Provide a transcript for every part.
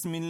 بسم الله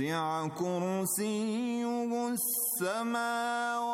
وسع كرسيه السماوات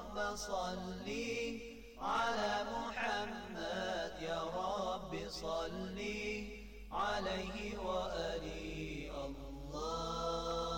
رب صلي على محمد يا رب صلي عليه وآله الله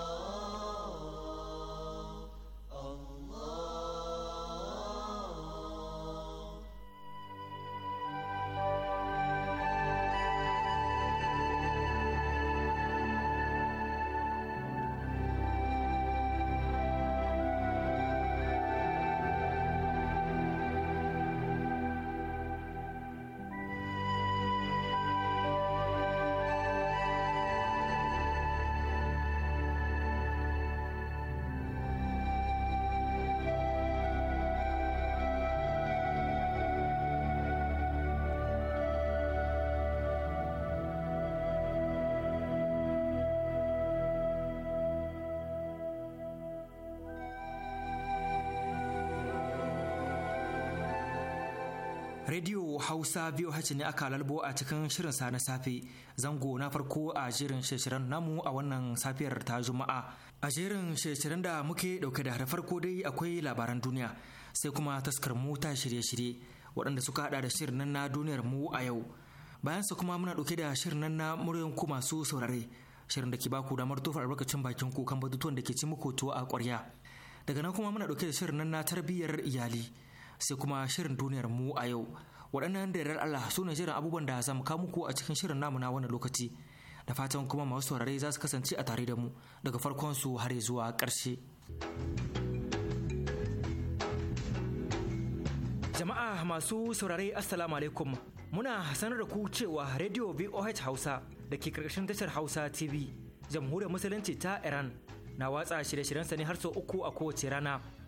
Radio Hausa biyu VOH ne aka lalbo a cikin shirin sa na safe zango na farko a jerin shirin namu a wannan safiyar ta Juma'a. A jerin shirin da muke dauke da har farko dai akwai labaran duniya sai kuma taskar mu ta shirye-shirye waɗanda suka hada da shirin nan na duniyar mu a yau. Bayan su kuma muna dauke da shirin nan na muryan ku masu saurare shirin da ke baku damar tofa albarkacin bakin ku kan batutuwan da ke ci muku a ƙwarya. Daga nan kuma muna dauke da shirin nan na tarbiyyar iyali. sai kuma shirin duniyar mu a yau waɗannan da yarar Allah su ne jiran abubuwan da zamu mu kawo muku a cikin shirin namu na wannan lokaci da fatan kuma masu saurare za su kasance a tare da mu daga farkon su har zuwa ƙarshe. Jama'a masu saurare Assalamu alaikum muna sanar da ku cewa Radio VOH Hausa da ke karkashin tashar Hausa TV jamhuriyar musulunci ta Iran na watsa shirye shiryen sa ne har sau uku a kowace rana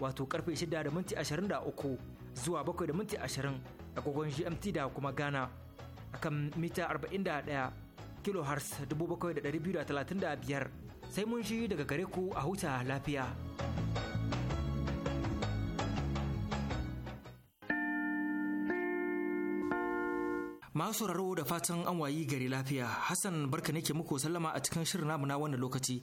wato karfe 6:23 da minti zuwa 7:20 da minti GMT da kuma Ghana a kan mita 41 kilohertz 7,235 sai mun shi daga gare ku a huta lafiya. Masu raro da fatan an wayi gari lafiya Hassan barka nake muku sallama a cikin shirin namu na wannan lokaci.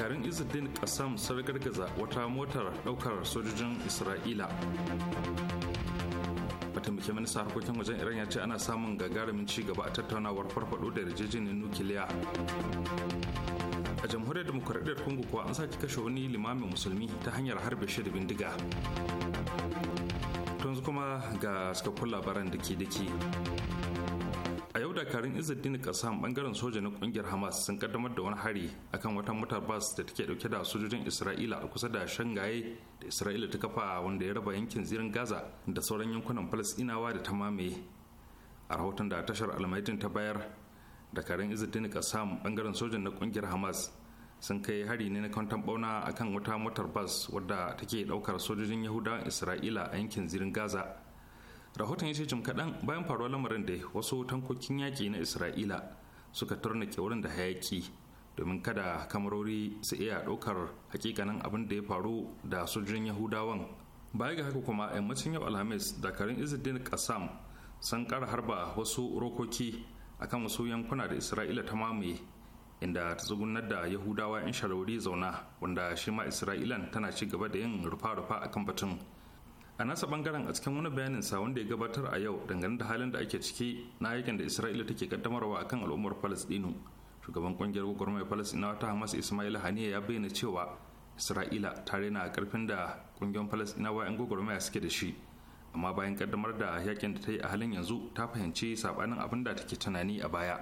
dakarun izuddin kasam sun gargaza wata motar daukar sojojin isra'ila mataimakin minista harkokin wajen iran ya ce ana samun gagarumin ci gaba a tattaunawar farfado da yarjejeniyar nukiliya a jamhuriyar demokuraɗiyar kungu kuwa an sake kashe wani limamin musulmi ta hanyar harbe shi da bindiga yanzu kuma ga cikakkun labaran da ke dakarun izuddin kasam bangaren soja na kungiyar hamas sun kaddamar da wani hari akan wata motar bas da take dauke da sojojin isra'ila a kusa da shangaye da isra'ila ta kafa wanda ya raba yankin zirin gaza da sauran yankunan falasɗinawa da ta mamaye a rahoton da tashar almaitin ta bayar dakarun izuddin kasam bangaren soja na kungiyar hamas sun kai hari ne na kwantan bauna akan wata motar bas wadda take daukar sojojin yahudawan isra'ila a yankin zirin gaza rahoton ya ce jim kaɗan bayan faruwar lamarin da wasu tankokin yaƙi na isra'ila suka ke wurin da hayaƙi domin kada kamarori su iya ɗaukar hakikanin abin da ya faru da sojojin yahudawan baya ga haka kuma yammacin yau alhamis dakarun izidin kasam sun ƙara harba wasu rokoki akan wasu yankuna da isra'ila ta mamaye inda ta tsugunar da yahudawa 'yan shawarwari zauna wanda shi ma isra'ilan tana ci gaba da yin rufa-rufa akan batun a nasa bangaren a cikin wani bayanin sa wanda ya gabatar a yau dangane da halin da ake ciki na yakin da isra'ila take kaddamarwa akan al'ummar palestinu shugaban kungiyar gwagwarmaya palestinawa ta hamas ismail haniya ya bayyana cewa isra'ila ta na karfin da kungiyar palestinawa yan gwagwarmaya suke da shi amma bayan kaddamar da yakin da ta yi a halin yanzu ta fahimci sabanin abin da take tunani a baya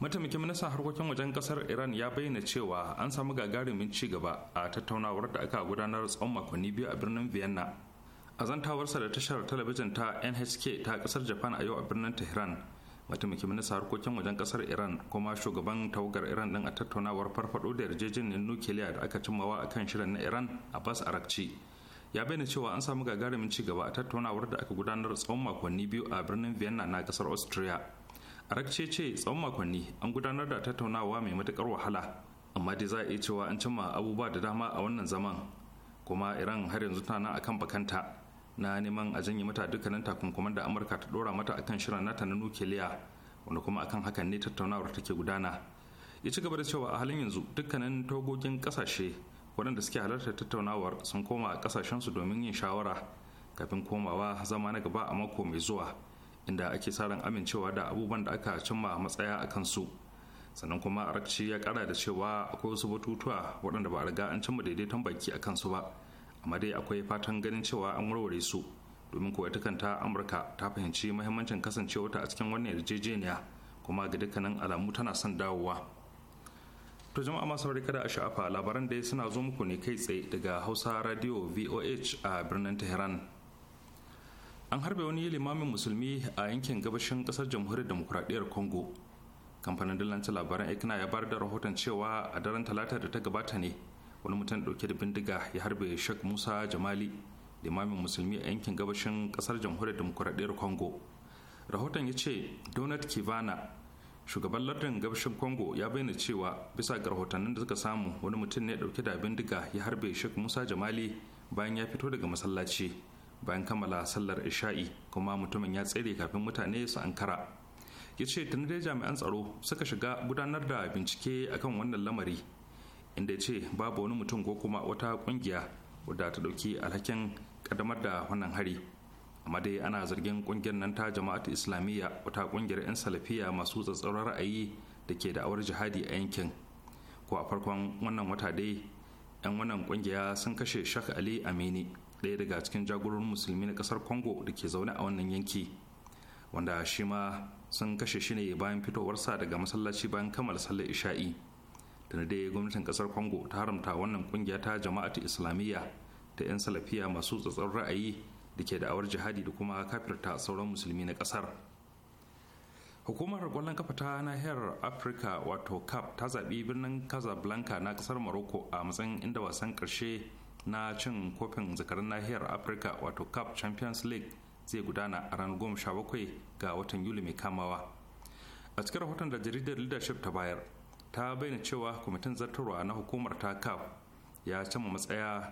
mataimakin ministan harkokin wajen kasar iran ya bayyana cewa an samu gagarumin ci gaba a tattaunawar da aka gudanar tsawon makonni biyu a birnin vienna a da tashar talabijin ta nhk ta kasar japan a yau a birnin tehran mataimakin minista harkokin wajen kasar iran kuma shugaban tawagar iran din a tattaunawar farfado da yarjejeniyar nukiliya da aka cimmawa a kan shirin na iran abbas arakci ya bayyana cewa an samu gagarumin ci gaba a tattaunawar da aka gudanar tsawon makonni biyu a birnin vienna na kasar austria Arakci ce tsawon makonni an gudanar da tattaunawa mai matukar wahala amma dai za a iya cewa an cimma abubuwa da dama a wannan zaman kuma iran har yanzu tana akan bakanta na neman a janye mata dukkanin takunkuman da amurka ta dora mata akan shirin nata na nukiliya wanda kuma akan hakan ne tattaunawar take gudana ya ci gaba da cewa a halin yanzu dukkanin togogin kasashe waɗanda suke halartar tattaunawar sun koma a kasashensu domin yin shawara kafin komawa zama na gaba a mako mai zuwa inda ake sa ran amincewa da abubuwan da aka cimma matsaya a kansu sannan kuma arakci ya kara da cewa akwai wasu batutuwa waɗanda ba a riga an cimma daidaiton baki a kansu ba amma dai akwai fatan ganin cewa an warware su domin kuwa ta kanta amurka ta fahimci mahimmancin ta a cikin wannan yarjejeniya kuma ga dukkanin alamu tana son dawowa to jama'a masu kada a sha'afa labaran dai suna zo muku ne kai tsaye daga hausa radio voh a birnin tehran an harbe wani limamin musulmi a yankin gabashin kasar jamhuriyar demokuraɗiyyar congo kamfanin dillancin labaran ekna ya bar da rahoton cewa a daren talata da ta gabata ne wani mutum dauke da bindiga ya harbe shek musa jamali limamin musulmi a yankin gabashin kasar jamhuriyar demokuraɗiyar congo rahoton ya ce donald kivana shugaban lardin gabashin congo ya bayyana cewa bisa ga rahotannin da suka samu wani mutum ne dauke da bindiga ya harbe shek musa jamali bayan ya fito daga masallaci bayan kammala sallar isha'i kuma mutumin ya tsere kafin mutane su ankara ya ce tun dai jami'an tsaro suka shiga gudanar da bincike akan wannan lamari inda ya ce babu wani mutum ko kuma wata kungiya wadda ta dauki alhakin kaddamar da wannan hari amma dai ana zargin kungiyar nan ta jama'atu islamiyya wata kungiyar 'yan salafiya masu tsatsauran ra'ayi da ke da awar jihadi a yankin ko a farkon wannan wata dai 'yan wannan kungiya sun kashe shak ali amini ɗaya daga cikin jagororin musulmi na kasar congo da ke zaune a wannan yanki wanda shi ma sun kashe shi ne bayan fitowarsa daga masallaci bayan kammala sallar isha'i da na dai gwamnatin kasar congo ta haramta wannan kungiya ta jama'atu islamiyya da 'yan salafiya masu tsatsar ra'ayi da ke da'awar jihadi da kuma kafirta sauran musulmi na kasar hukumar kwallon kafa ta nahiyar afirka wato cap ta zaɓi birnin casablanca na kasar morocco a matsayin inda wasan ƙarshe na cin kofin zakarin nahiyar afirka wato cap champions league zai gudana a ranar goma sha bakwai ga watan yuli mai kamawa a cikin rahoton da jaridar leadership ta bayar ta bayyana cewa kwamitin zartarwa na hukumar ta kaf ya cama matsaya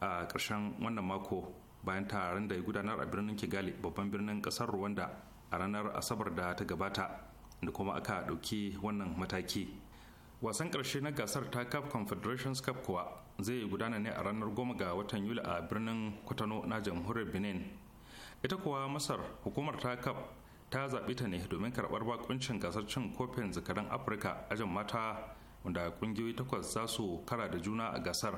a ƙarshen wannan mako bayan taron da ya gudanar a birnin kigali babban birnin ƙasar rwanda a ranar asabar da ta gabata da kuma aka ɗauki wannan mataki wasan ƙarshe na gasar ta cup confederations cup kuwa zai gudana ne a ranar goma ga watan yuli a birnin kwatano na jamhuriyar benin ita kuwa masar hukumar ta cup ta zaɓi ta ne domin karɓar bakuncin gasar cin kofin zakaran afirka ajin mata wanda ƙungiyoyi takwas za su kara da juna a gasar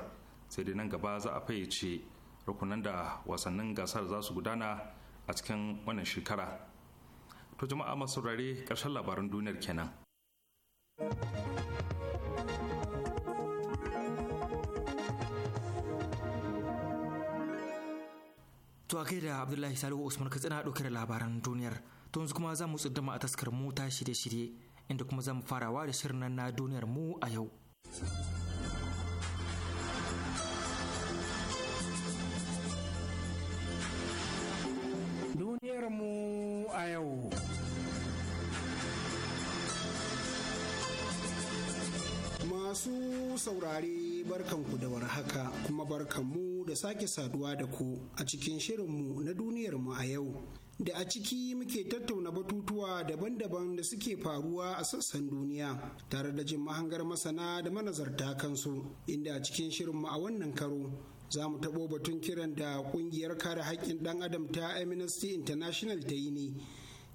sai dai nan gaba za a fayyace rukunan da wasannin gasar za su gudana a cikin wannan shekara to jama'a masu rare ƙarshen labaran duniyar kenan to a da abdullahi salihu usman katsina ɗauke da labaran duniyar to yanzu kuma za mu tsunduma a taskar mu ta shirye-shirye inda kuma za mu farawa da shirin nan na duniyar mu a yau. Duniyar mu a yau. Masu saurare barkanku da warhaka kuma barkanmu da sake saduwa da ku a cikin shirinmu na duniyar mu a yau. da a ciki muke tattauna batutuwa daban-daban da suke faruwa a sassan duniya tare da jin mahangar masana da manazarta kansu inda a cikin shirinmu a wannan karo za mu taɓo batun kiran da ƙungiyar kare haƙƙin ɗan adam ta amnesty international ta yi ne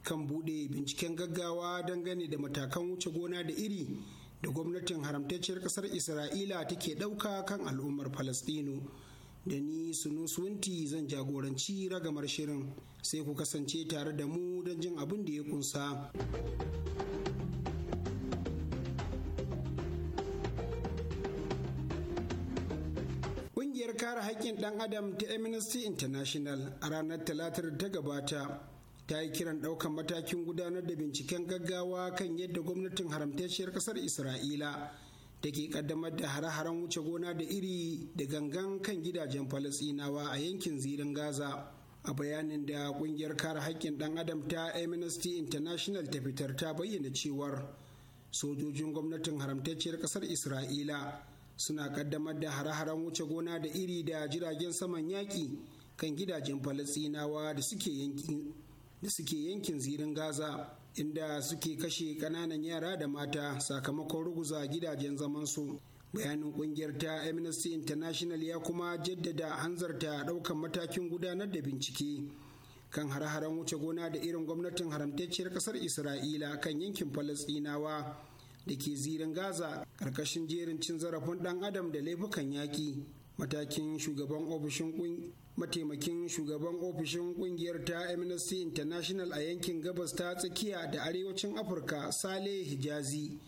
kan buɗe binciken gaggawa dangane da matakan wuce gona da iri da gwamnatin haramtacciyar ƙasar isra'ila take ɗauka kan al'ummar falastinu da ni sunusunti zan jagoranci ragamar shirin sai ku kasance tare da mu don jin abin da ya kunsa. Ƙungiyar kare haƙƙin ɗan adam ta Amnesty International a ranar talatar ta gabata ta yi kiran ɗaukan matakin gudanar da binciken gaggawa kan yadda gwamnatin haramtacciyar ƙasar Isra'ila da ke kaddamar da hare-haren wuce gona da iri da gangan kan gidajen falasinawa a yankin zirin gaza a bayanin da kungiyar kare haƙƙin ɗan adam ta amnesty international ta fitar ta bayyana cewar sojojin gwamnatin haramtacciyar ƙasar isra'ila suna kaddamar da hare-haren wuce gona da iri da jiragen saman yaƙi kan gidajen falasinawa da suke yankin zirin gaza inda suke kashe ƙananan yara da mata sakamakon ruguza gidajen zamansu. bayanin kungiyar ta amnesty international ya kuma jaddada hanzarta daukan matakin gudanar da bincike kan har-haren wuce gona da irin gwamnatin haramtacciyar kasar isra'ila kan yankin falasdinawa da ke zirin gaza karkashin jerin cin zarafin dan adam da laifukan yaƙi matakin shugaban ofishin mataimakin shugaban ofishin kungiyar ta amnesty international a yankin gabas ta tsakiya da arewacin afirka sale hijazi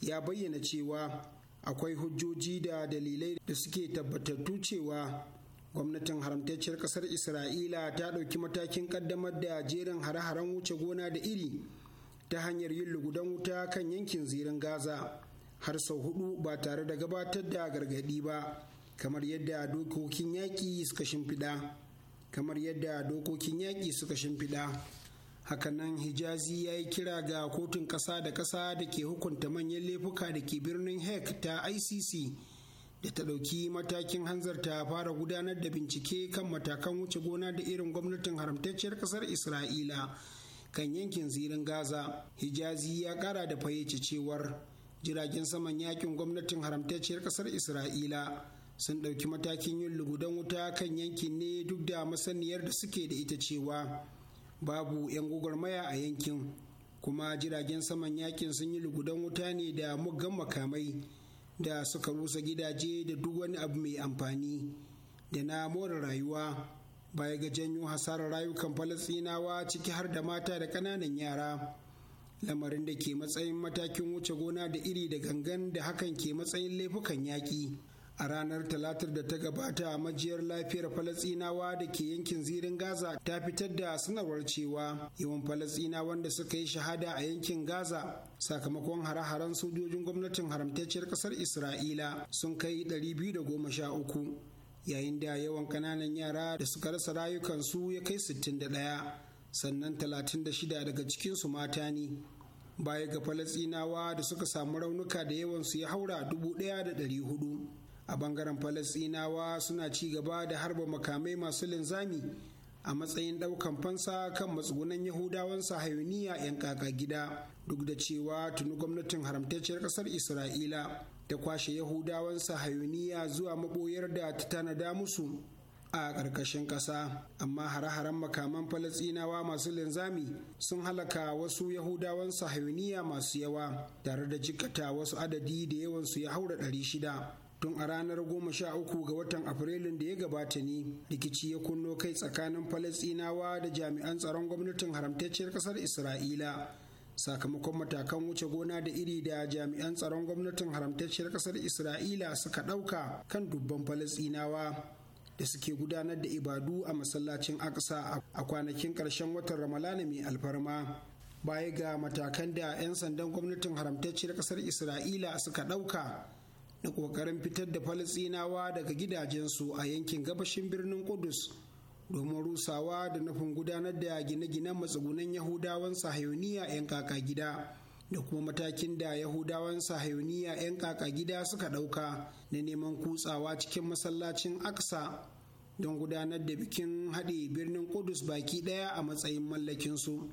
ya bayyana cewa akwai hujjoji da dalilai da suke tabbatattu cewa gwamnatin haramtacciyar kasar isra'ila ta ɗauki matakin ƙaddamar da jerin hare-haren wuce gona da iri ta hanyar yin lugudan wuta kan yankin zirin gaza har sau hudu ba tare da gabatar da gargaɗi ba kamar yadda dokokin yaƙi suka shimfiɗa kamar yadda dokokin yaƙi suka shimfiɗa hakanan hijazi ya yi kira ga kotun ƙasa da ƙasa da ke hukunta manyan laifuka da ke birnin hek ta icc da ta ɗauki matakin hanzarta fara gudanar da bincike kan matakan wuce gona da irin gwamnatin haramtacciyar ƙasar isra'ila kan yankin zirin gaza hijazi ya ƙara da fayyace cewar jiragen saman yakin gwamnatin haramtacciyar ƙasar isra'ila sun ɗauki matakin yin lugudan wuta kan yankin ne duk da masaniyar da suke da ita cewa babu 'yan gwagwarmaya a yankin kuma jiragen saman yakin sun yi lugudan wuta ne da muggan makamai da suka rusa gidaje da duk wani abu mai amfani da na more rayuwa baya ga janyo hasarar rayukan falasinawa ciki har da mata da ƙananan yara lamarin da ke matsayin matakin wuce gona da iri da gangan da hakan ke matsayin laifukan yaƙi a ranar talatar da ta gabata majiyar lafiyar falasinawa da ke yankin zirin gaza ta fitar da sanarwar cewa yawan falasina wanda suka yi shahada a yankin gaza sakamakon hare-haren sojojin gwamnatin haramtacciyar kasar isra'ila sun kai 213 yayin da yawan kananan yara da suka rasa rayukansu ya kai 61 sannan 36 daga cikinsu mata ne baya ga falasinawa da suka samu raunuka da yawansu ya haura 1400 a bangaren falasinawa suna ci gaba da harba makamai masu linzami a matsayin daukan fansa kan matsugunan yahudawan sahayuniya 'yan kaka gida duk da cewa tuni gwamnatin haramtacciyar kasar isra'ila ta kwashe yahudawan sahayuniya zuwa maboyar da ta tanada musu a ƙarƙashin ƙasa amma hare-haren makaman falasinawa masu linzami sun halaka wasu yahudawan sahayuniya masu yawa tare da jikata wasu adadi da yawansu ya haura ɗari shida. tun a ranar goma sha uku ga watan afrilun da ya gabata ne rikici ya kunno kai tsakanin falasinawa da jami'an tsaron gwamnatin haramtacciyar kasar isra'ila sakamakon matakan wuce gona da iri da jami'an tsaron gwamnatin haramtacciyar kasar isra'ila suka ɗauka kan dubban falasinawa da suke gudanar da ibadu a masallacin aksa a kwanakin ƙarshen watan ramalana mai alfarma baya ga matakan da 'yan sandan gwamnatin haramtacciyar kasar isra'ila suka ɗauka na ƙoƙarin fitar da falisinawa daga gidajensu a yankin gabashin birnin kudus domin rusawa da nufin gudanar da gine-ginen matsugunan yahudawan sahayoniya 'yan kaka gida da kuma matakin da yahudawan sahayoniya 'yan kaka gida suka ɗauka na neman kutsawa cikin masallacin aksa don gudanar da bikin haɗe birnin kudus baki ɗaya a matsayin mallakinsu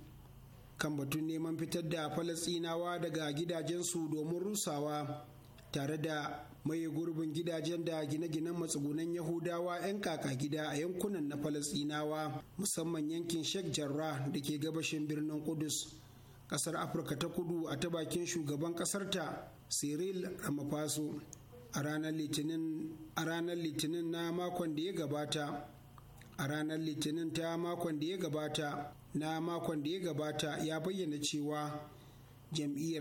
kan batun neman fitar da falasinawa daga gidajensu domin rusawa tare da maye gurbin gidajen da gine-ginen matsugunan yahudawa 'yan kaka gida a yankunan na falasinawa musamman yankin sheikh jarrah da ke gabashin birnin kudus kasar afirka ta kudu a ta bakin shugaban kasarta cyril ramaphosa a ranar litinin na makon da ya gabata a ranar litinin ta makon da ya gabata na makon da ya gabata ya bayyana cewa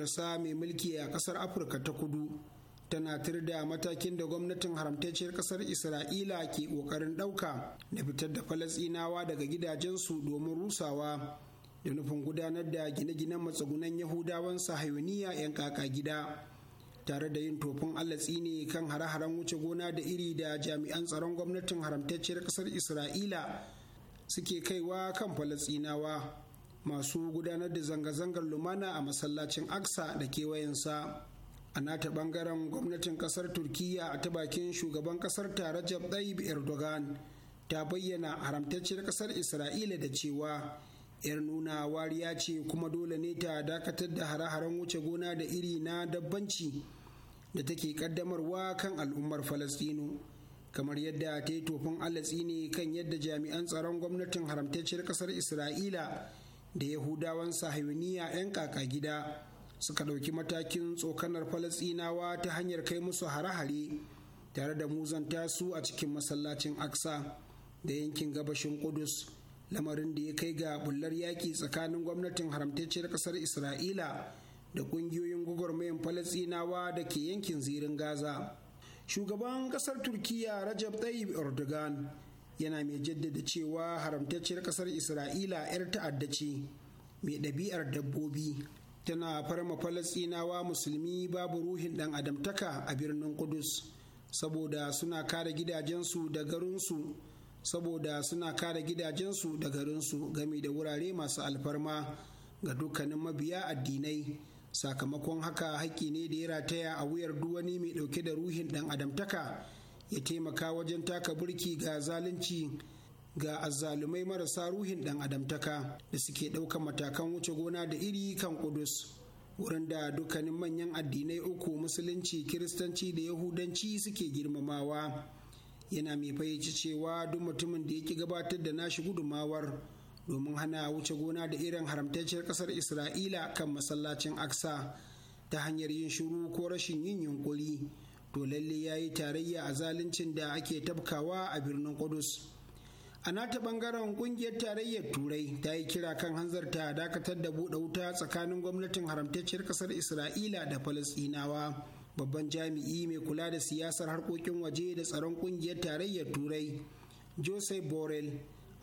sa mai mulki a kasar afirka ta kudu tana da matakin da gwamnatin haramtacciyar kasar isra'ila ke ƙoƙarin ɗauka na fitar da falasinawa daga gidajensu domin rusawa da nufin gudanar da gine-ginen matsugunan yahudawan sahayoniya 'yan kaka gida tare da yin tofin allatsi ne kan hare-haren wuce gona da iri da jami'an tsaron gwamnatin haramtacciyar kasar isra'ila suke kaiwa kan falasinawa masu gudanar da zanga-zangar lumana a masallacin aksa da kewayensa a nata bangaren gwamnatin kasar turkiya a ta bakin shugaban kasar ta rajab erdogan ta bayyana haramtacciyar kasar isra'ila da cewa yar nuna wariya ce kuma dole ne ta dakatar da hare-haren wuce gona da iri na dabbanci da take kaddamarwa kan al'ummar falastinu kamar yadda ta yi tofin alatsi ne kan yadda jami'an tsaron gwamnatin haramtacciyar kasar isra'ila da yahudawan sahayuniya 'yan kaka gida suka ɗauki matakin tsokanar falasinawa ta hanyar kai musu hare-hare tare da muzanta su a cikin masallacin aksa da yankin gabashin kudus lamarin da ya kai ga bullar yaƙi tsakanin gwamnatin haramtacciyar ƙasar isra'ila da ƙungiyoyin gwagwarmayan falasinawa da ke yankin zirin gaza shugaban ƙasar turkiya rajab tayyip erdogan yana mai jaddada cewa haramtacciyar ƙasar isra'ila 'yar ta'adda ce mai ɗabi'ar dabbobi tana farma falasinawa musulmi babu ruhin dan adamtaka a birnin kudus saboda suna kare gidajensu da garinsu saboda suna kare gidajensu da garinsu game da wurare masu alfarma ga dukkanin mabiya addinai sakamakon haka haƙƙi ne da ya rataya a wuyar duwani mai ɗauke da ruhin ɗan adamtaka ya taimaka wajen taka burki ga zalunci ga azzalumai marasa ruhin ɗan adamtaka da suke ɗaukar matakan wuce gona da iri kan kudus wurin da dukkanin manyan addinai uku musulunci kiristanci da yahudanci suke girmamawa yana mai fahimci cewa duk mutumin da yake gabatar da nashi gudumawar domin hana wuce gona da irin haramtacciyar ƙasar isra'ila kan masallacin aksa ta hanyar yin shiru ko rashin yin yunkuri to lalle ya yi tarayya a zaluncin da ake tabkawa a birnin kudus a nata bangaren kungiyar tarayyar turai ta yi kira kan hanzarta a dakatar da buɗe wuta tsakanin gwamnatin haramtacciyar ƙasar isra'ila da falasɗinawa babban jami'i mai kula da siyasar harkokin waje da tsaron kungiyar tarayyar turai Jose borel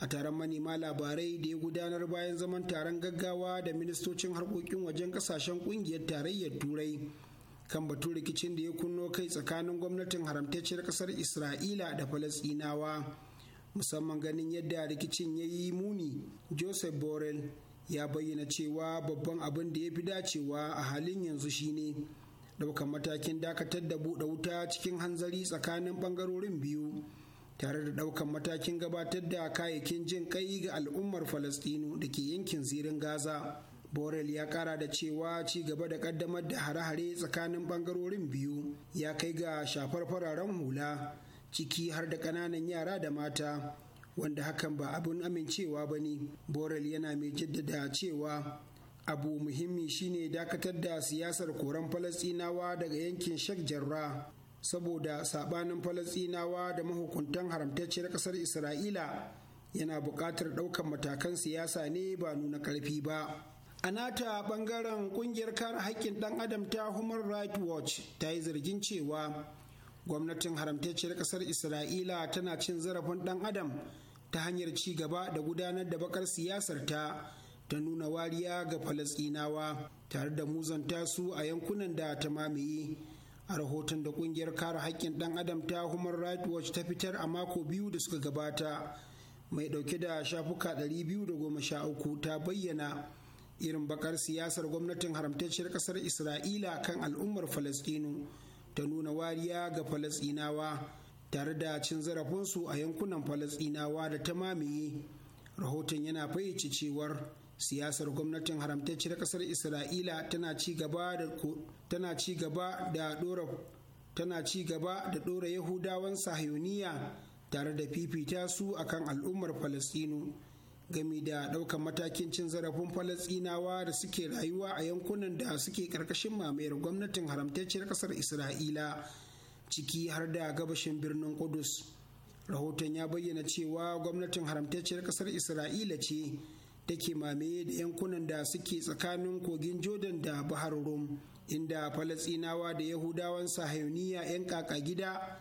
a taron manema labarai da ya gudanar bayan zaman taron gaggawa da ministocin harkokin wajen kasashen kungiyar tarayyar turai kan batun rikicin da ya kunno kai tsakanin gwamnatin haramtacciyar ƙasar isra'ila da falasinawa musamman ganin yadda rikicin ya yi muni joseph borel ya bayyana cewa babban abin da ya fi dacewa a halin yanzu shine ɗaukar matakin dakatar da buɗe wuta cikin hanzari tsakanin ɓangarorin biyu tare da ɗaukar matakin gabatar da kayayyakin jin kai ga al'ummar falastinu da ke yankin zirin gaza borel ya kara da cewa ci gaba da ƙaddamar da hare-hare tsakanin ɓangarorin biyu ya kai ga shafar fararen hula ciki har da ƙananan yara da mata wanda hakan ba abin amincewa ba ne borel yana mai jaddada cewa abu muhimmi shine dakatar da siyasar koran falasinawa daga yankin shek jarra saboda sabanin falasinawa da mahukuntan haramtacciyar kasar isra'ila yana buƙatar ɗaukar matakan siyasa ne ba nuna ƙarfi ba a nata ɓangaren ƙungiyar kare haƙƙin ɗan adam ta human rights watch ta yi zargin cewa gwamnatin haramtacciyar ƙasar isra'ila tana cin zarafin ɗan adam ta hanyar ci gaba da gudanar da bakar siyasar ta ta nuna wariya ga falasɗinawa tare da muzanta su a yankunan da ta mamaye a rahoton da kungiyar kare haƙƙin ɗan adam ta human rights watch ta fitar a mako biyu da suka gabata mai ɗauke da shafuka ɗari biyu da sha uku ta bayyana irin bakar siyasar gwamnatin haramtacciyar ƙasar isra'ila kan al'ummar falasɗinu ta nuna wariya ga falasinawa tare da cin zarafinsu a yankunan falasinawa da ta mamaye rahoton yana fayyace cewar siyasar gwamnatin na kasar isra'ila tana ci gaba da ɗora dora tana ci gaba da dora yahudawan sahayoniya tare da fifita su akan al'ummar falasinu. gami da ɗaukar matakin cin zarafin falasɗinawa da suke rayuwa a yankunan da suke ƙarƙashin mamayar gwamnatin haramtacciyar ƙasar isra'ila ciki har da gabashin birnin kudus rahoton ya bayyana cewa gwamnatin haramtacciyar ƙasar isra'ila ce take mamaye da yankunan da suke tsakanin kogin jordan da bahar rum inda falasinawa da yahudawan sahayoniya 'yan kaka gida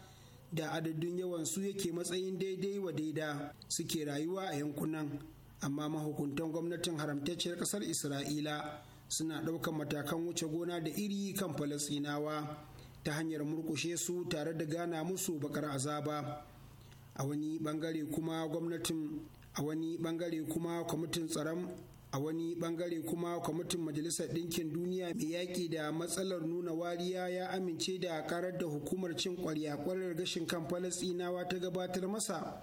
da adadin yawan su yake matsayin daidai wa daida suke rayuwa a yankunan amma mahukuntan gwamnatin haramtacciyar kasar isra'ila suna ɗaukar matakan wuce gona da iri kan falasinawa ta hanyar murkushe su tare da gana musu bakar azaba a wani bangare kuma gwamnatin a wani bangare kuma kwamitin tsaron a wani bangare kuma kwamitin majalisar ɗinkin duniya mai yaƙi da matsalar nuna wariya ya amince da karar da hukumar cin ƙwarya ƙwarar gashin kan falasinawa ta gabatar masa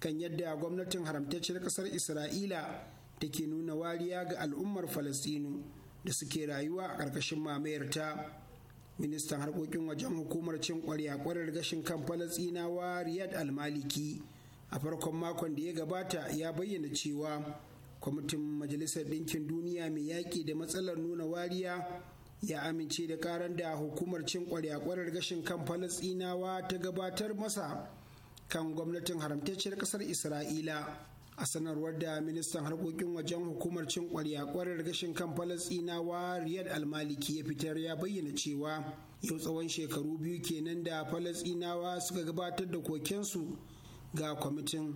kan yadda gwamnatin haramtacciyar ƙasar isra'ila take nuna wariya ga al'ummar falastinu da suke rayuwa a ƙarƙashin mamayarta ministan harkokin wajen hukumar cin ƙwarya ƙwarar gashin kan falastinawa riyad almaliki a farkon makon da ya gabata ya bayyana cewa kwamitin majalisar ɗinkin duniya mai yaƙi da matsalar nuna wariya ya amince da karan da hukumar cin ƙwarya ƙwarar gashin kan falastinawa ta gabatar masa kan gwamnatin haramtacciyar kasar isra'ila a sanarwar da ministan harkokin wajen hukumar cin kwarya-kwarar gashin kan falasinawa riyad almaliki ya fitar ya bayyana cewa yau tsawon shekaru biyu kenan da falasinawa suka gabatar da kokensu ga kwamitin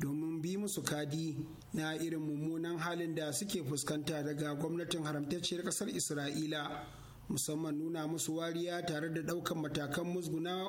domin bi musu kadi na irin mummunan halin da suke fuskanta daga gwamnatin haramtacciyar kasar isra'ila musamman nuna musu wariya tare da ɗaukan matakan musguna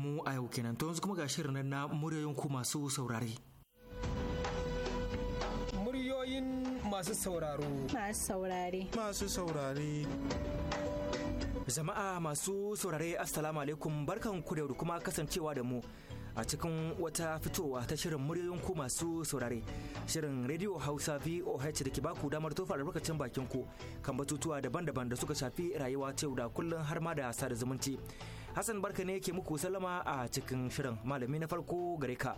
mu a yau kenan to yanzu kuma ga shirin na muryoyin ku masu saurare. Muryoyin masu sauraro. Masu saurare. Masu saurare. Jama'a masu saurare Assalamu alaikum barkan ku da kuma kasancewa da mu a cikin wata fitowa ta shirin muryoyin ku masu saurare shirin Radio Hausa VOH da ke baku damar tofa albarkacin bakin ku kan batutuwa daban-daban da suka shafi rayuwa ta yau da kullum har ma da sada zumunci. Hassan barka ne yake muku salama a cikin shirin malami na farko gare ka.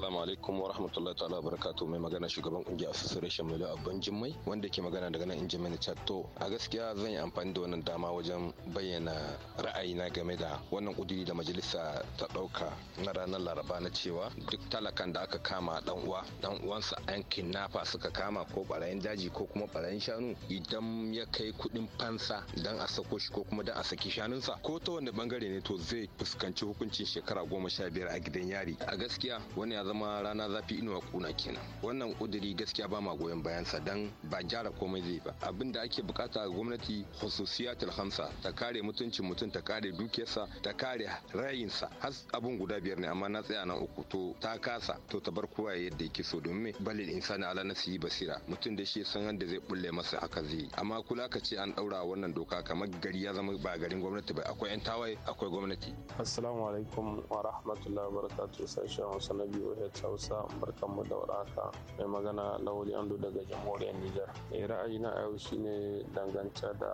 Assalamu alaikum wa rahmatullahi ta'ala wa barakatuh mai magana shugaban kungiyar Association Milo Abban Jimmai wanda ke magana daga nan Injimai Chat to a gaskiya zan yi amfani da wannan dama wajen bayyana ra'ayi na game da wannan kuduri da majalisa ta dauka na ranar Laraba na cewa duk talakan da aka kama dan uwa dan uwansa an kinnafa suka kama ko barayin daji ko kuma barayin shanu idan ya kai kudin fansa dan a sako shi ko kuma dan a saki shanunsa ko ta wanda bangare ne to zai fuskanci hukuncin shekara goma sha biyar a gidan yari a gaskiya wani ya zama rana zafi inuwa kuna kenan wannan kuduri gaskiya ba ma goyon bayansa dan ba gyara komai zai ba abin da ake bukata ga gwamnati hususiyatul hamsa ta kare mutuncin mutum ta kare dukiyarsa ta kare rayinsa har abun guda biyar ne amma na tsaya nan uku to ta kasa to ta bar kowa yadda yake so domin me balil insani ala nafsihi basira mutum da shi san yadda zai bulle masa haka zai amma kula ka ce an daura wannan doka kamar gari ya zama ba garin gwamnati ba akwai yan tawaye akwai gwamnati assalamu alaikum wa rahmatullahi wa barakatuh sai hausa sanabi BOH Hausa barkanmu da warhaka mai magana Lawali Ando daga jamhuriyar Nijar. Eh ra'ayina a yau shine dangance da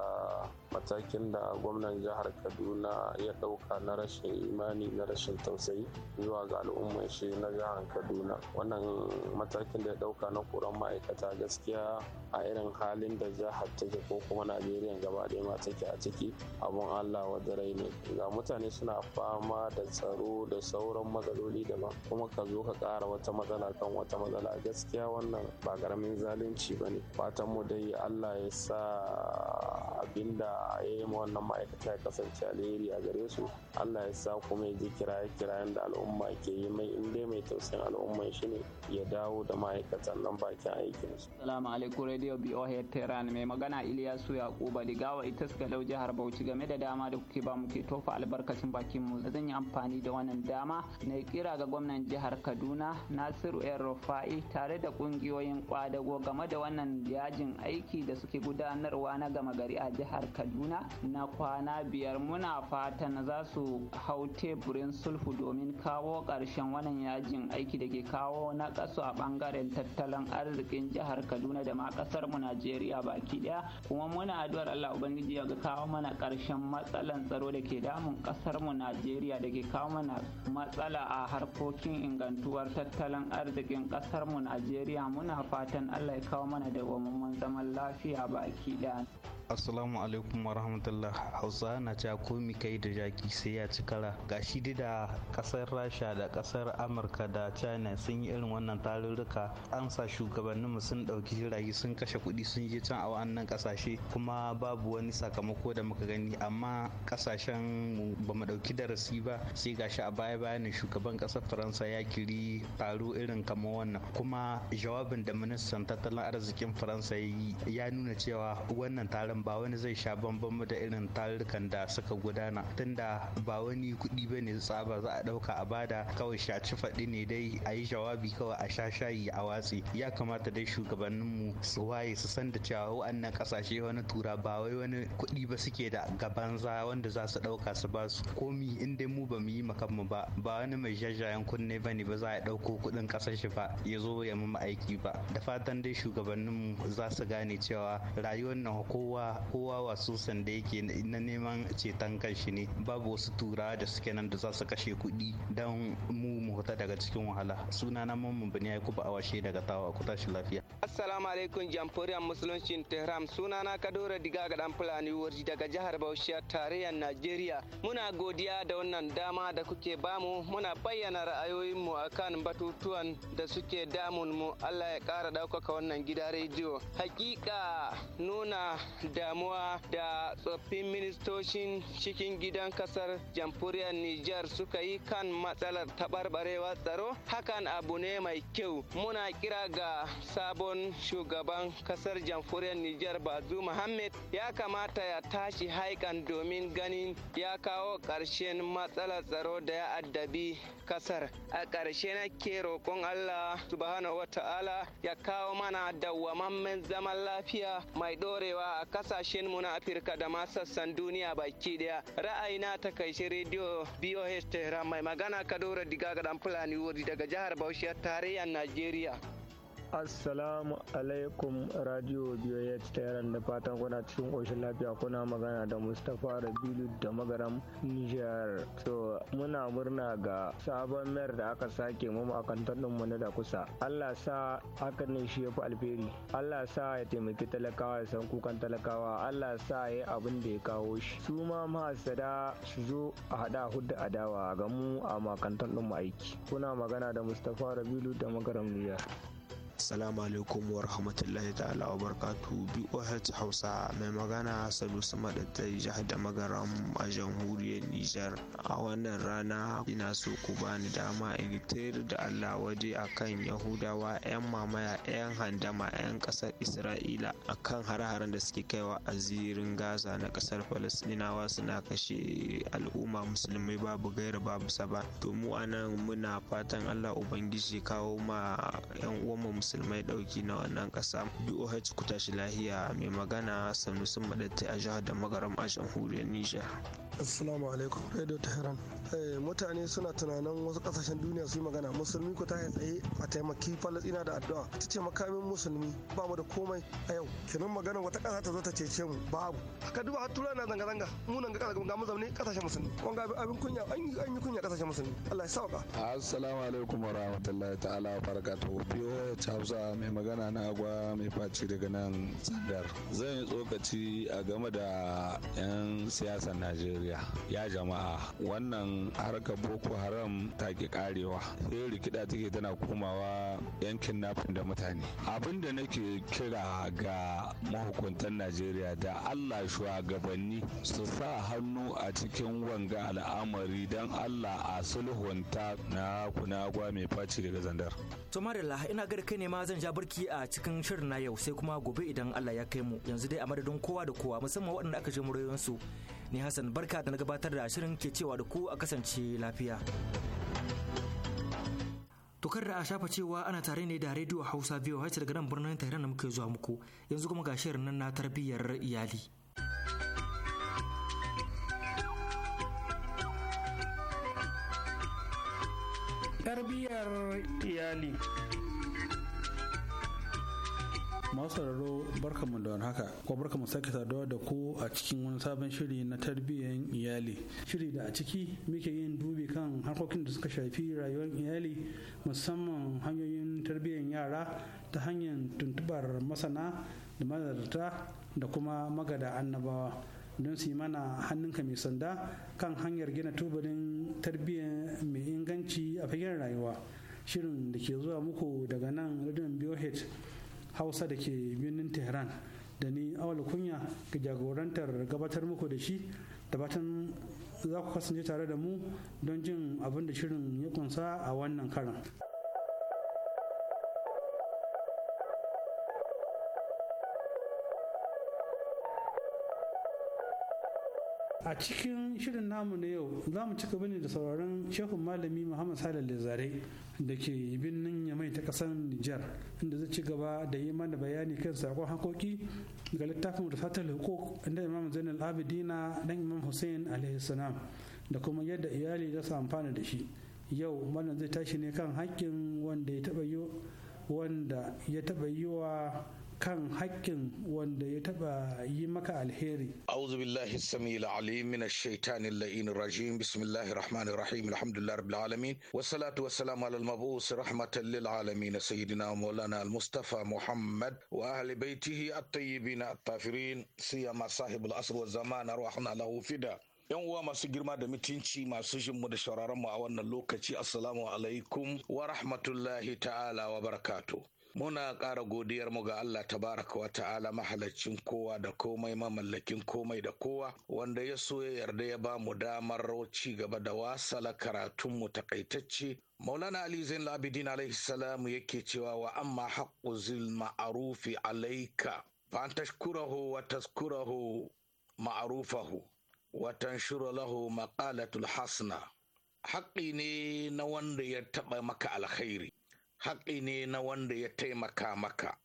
matakin da gwamnan jihar kaduna ya dauka na rashin imani na rashin tausayi zuwa ga al'umman shi na jihar kaduna wannan matakin da ya dauka na koran ma'aikata gaskiya a irin halin da jihar take ko kuma najeriya gaba ɗaya ma take a ciki abun allah wadda rai ne ga mutane suna fama da tsaro da sauran matsaloli daban kuma ka zo ka kara wata matsala kan wata matsala gaskiya wannan ba karamin zalunci ba ne fatan mu dai allah ya sa abinda ya ma wannan ma'aikata ya kasance alheri a gare su allah ya sa kuma ya ji kiraye kirayen da al'umma ke yi mai in dai mai tausayin al'umma shi ne ya dawo da ma'aikatan nan bakin aikin su. salamu alaikum radio boh tehran mai magana iliyasu yakuba digawa ita suka lau jihar bauchi game da dama da kuke ba muke tofa albarkacin bakin mu zan yi amfani da wannan dama na kira ga gwamnan jihar kaduna nasiru yan rufa'i tare da kungiyoyin kwadago game da wannan yajin aiki da suke gudanarwa na gama gari a jihar kaduna kaduna na kwana biyar muna fatan za su hau teburin sulhu domin kawo ƙarshen wannan yajin aiki da ke kawo na ƙasa a ɓangaren tattalin arzikin jihar kaduna da ma ƙasar mu najeriya baki ɗaya kuma muna addu'ar allah ubangiji ya kawo mana ƙarshen matsalan tsaro da ke damun ƙasar mu najeriya da ke kawo mana matsala a harkokin ingantuwar tattalin arzikin ƙasar mu najeriya muna fatan allah ya kawo mana da zaman lafiya baki ɗaya assalamu alaikum warahmatullah hausa na cewa komi kai da jaki sai ya ci kara ga shi da kasar rasha da kasar amurka da china sun yi irin wannan tarurruka amsa sa shugabannin mu sun dauki jirage sun kashe kuɗi sun je can a wannan kasashe kuma babu wani sakamako da muka gani amma kasashen ba mu dauki darasi ba sai ga gashi a baya baya ne shugaban kasar faransa ya kiri taro irin kamar wannan kuma jawabin da ministan tattalin arzikin faransa ya ya nuna cewa wannan taron ba wani zai sha bambam da irin tarurrukan da suka gudana tunda ba wani kuɗi ba ne tsaba za a ɗauka a bada kawai shaci faɗi ne dai a yi jawabi kawai a sha shayi a watsi ya kamata dai shugabanninmu su waye su san da cewa wa'annan ƙasashe wani tura ba wai wani kuɗi ba suke da gabanza wanda za su ɗauka su ba su komi in dai mu ba mu yi makanmu ba ba wani mai jajayen kunne ba ne ba za a ɗauko kuɗin ƙasar shi ba ya zo ya mu aiki ba da fatan dai shugabanninmu za su gane cewa rayuwar nan kowa kowa wasu sanda yake na neman ceton kanshi ne babu wasu tura da suke nan da za su kashe kuɗi don mu mu huta daga cikin wahala suna na mamman bani ya kuba awashe daga tawa ku tashi lafiya assalamu alaikum jamhuriyar musuluncin tehran suna na kadora diga ga dan fulani wurji daga jihar bauchi tarayyar najeriya muna godiya da wannan dama da kuke bamu muna bayyana ra'ayoyinmu akan batutuwan da suke damun mu allah ya kara ɗaukaka wannan gida rediyo hakika nuna damuwa da tsoffin ministocin cikin gidan kasar jamhuriyar Nijar suka yi kan matsalar taɓarɓarewar tsaro hakan abu ne mai kyau muna kira ga sabon shugaban kasar jamhuriyar Nijar Bazu Muhammad ya kamata ya tashi haikan domin ganin ya kawo ƙarshen matsalar tsaro da ya addabi kasar a ƙarshe na ke roƙon Allah subhanahu ta'ala ya kawo mana dawwamammen zaman lafiya mai ɗorewa a kasar kasashen mu na Afirka da ma sassan duniya baki daya. na ta kai rediyo BOH Tehran mai magana Kadura Diga ga dan Fulani Wuri daga jihar Bauchi tarayyar Najeriya. Assalamu alaikum radio BOH ta yaran da fatan kuna cikin ƙoshin lafiya kuna magana da Mustapha Rabilu da magaram Niger. So muna murna ga sabon mayar da aka sake mu a kantar ɗinmu na da kusa. Allah sa hakan ne shi ya fi alferi. Allah sa ya taimaki talakawa ya san kukan talakawa. Allah sa ya yi abin da ya kawo shi. Su ma mahasada su zo a haɗa hudu adawa ga mu a makantar ɗinmu aiki. Kuna magana da Mustapha Rabilu da magaram Niger. Assalamu alaikum wa rahmatullahi ta'ala wa barkatu BOH Hausa mai magana Sanusi Madatai jihar da magaram a jamhuriyar Nijar. A wannan rana ina so ku bani dama in tayar da Allah waje akan Yahudawa 'yan mamaya 'yan handama 'yan ƙasar Isra'ila akan hare-haren da suke kaiwa a zirin Gaza na ƙasar Falasɗinawa suna kashe al'umma musulmai babu gaira babu saba. To mu nan muna fatan Allah Ubangiji kawo ma 'yan uwanmu musulmai ɗauki na wannan ƙasa doh ku tashi lahiya mai magana sanusi madatta a jihar da magaram a jamhuriyar nijar assalamu alaikum radio tehran eh, mutane suna tunanin wasu ƙasashen duniya su yi magana musulmi ku ta tsaye a taimaki falasina da addu'a ta ce makamin musulmi ba mu da komai a yau kinan magana wata ƙasa ta zo ta cece mu babu haka duba har turai na zanga-zanga mu nan ga ga mu zaune ƙasashen musulmi wanga abin kunya an yi an yi kunya ƙasashen musulmi Allah ya sauka assalamu alaikum wa rahmatullahi ta'ala wa barakatuhu biyo ta hausa mai magana na agwa mai faci daga nan tsandar zan yi tsokaci a game da 'yan siyasar najeriya ya jama'a wannan harkar boko haram ta ke karewa sai rikida take tana komawa yankin nafin da mutane abin da nake kira ga mahukuntan najeriya da allah shugabanni su sa hannu a cikin wanga al'amari don allah a sulhunta na kunagwa mai faci daga zandar to ina gari kai ne ne ma zan ja barki a cikin shirin na yau sai kuma gobe idan Allah ya kai mu yanzu dai a madadin kowa da kowa musamman waɗanda aka je su ni Hassan barka da na gabatar da shirin ke cewa da ku a kasance lafiya. Tokar da a shafa cewa ana tare ne da rediyo Hausa biyu hace daga nan birnin Tehran da muke zuwa muku yanzu kuma ga shirin nan na tarbiyyar iyali. Tarbiyyar iyali. masu sauraro barkamu da haka ko barkamu sake saduwa da ku a cikin wani sabon shiri na tarbiyyar iyali shiri da a ciki muke yin dubi kan harkokin da suka shafi rayuwar iyali musamman hanyoyin tarbiyyar yara ta hanyar tuntubar masana da mazarta da kuma magada annabawa don su yi mana hannunka mai sanda kan hanyar gina tubalin tarbiyya mai inganci a fagen rayuwa shirin da ke zuwa muku daga nan radion BOH hausa da ke birnin tehran da ni awal kunya ga jagorantar gabatar muku da shi da batan za ku kasance tare da mu don jin abin da shirin ya kunsa a wannan karan. a cikin shirin namu na yau za mu ci gaba ne da sauraron shehun malami muhammad salal zare da ke birnin yamai ta kasar nijar inda zai ci gaba da yi mana bayani kan sakon hakoki ga littafin rufatul hukuk inda imam zainal abidina dan imam hussein alaihi salam da kuma yadda iyali za su amfana da shi yau wannan zai tashi ne kan hakkin wanda ya taba yi yi wa kan hakkin wanda ya taba yi maka alheri. Auzu billahi samil alim min ash-shaytani al-la'in rajim bismillahir rahmanir rahim alhamdulillahi rabbil alamin wassalatu wassalamu ala al-mab'us rahmatan lil alamin sayyidina maulana al-mustafa muhammad wa ahli baitihi at-tayyibin at-tafirin siyama sahibul asr wa zaman arwahna lahu fida yan uwa masu girma da mutunci masu mu da shawararmu mu a wannan lokaci assalamu alaikum wa rahmatullahi ta'ala wa barakatuh Muna ƙara godiyar mu ga Allah tabaraka wa ta'ala mahalaccin kowa da komai mamallakin komai da kowa wanda ya so ya yarda ya ba mu damar ci gaba da wasala karatunmu takaitacce Maulana Ali Zain Labidin alaihi salam yake cewa wa amma haqqu zil ma'rufi alaika fa tashkurahu wa tazkurahu ma'rufahu wa tanshuru lahu maqalatul hasna. haƙƙi ne na wanda ya taɓa maka alkhairi haƙƙi ne na wanda ya taimaka maka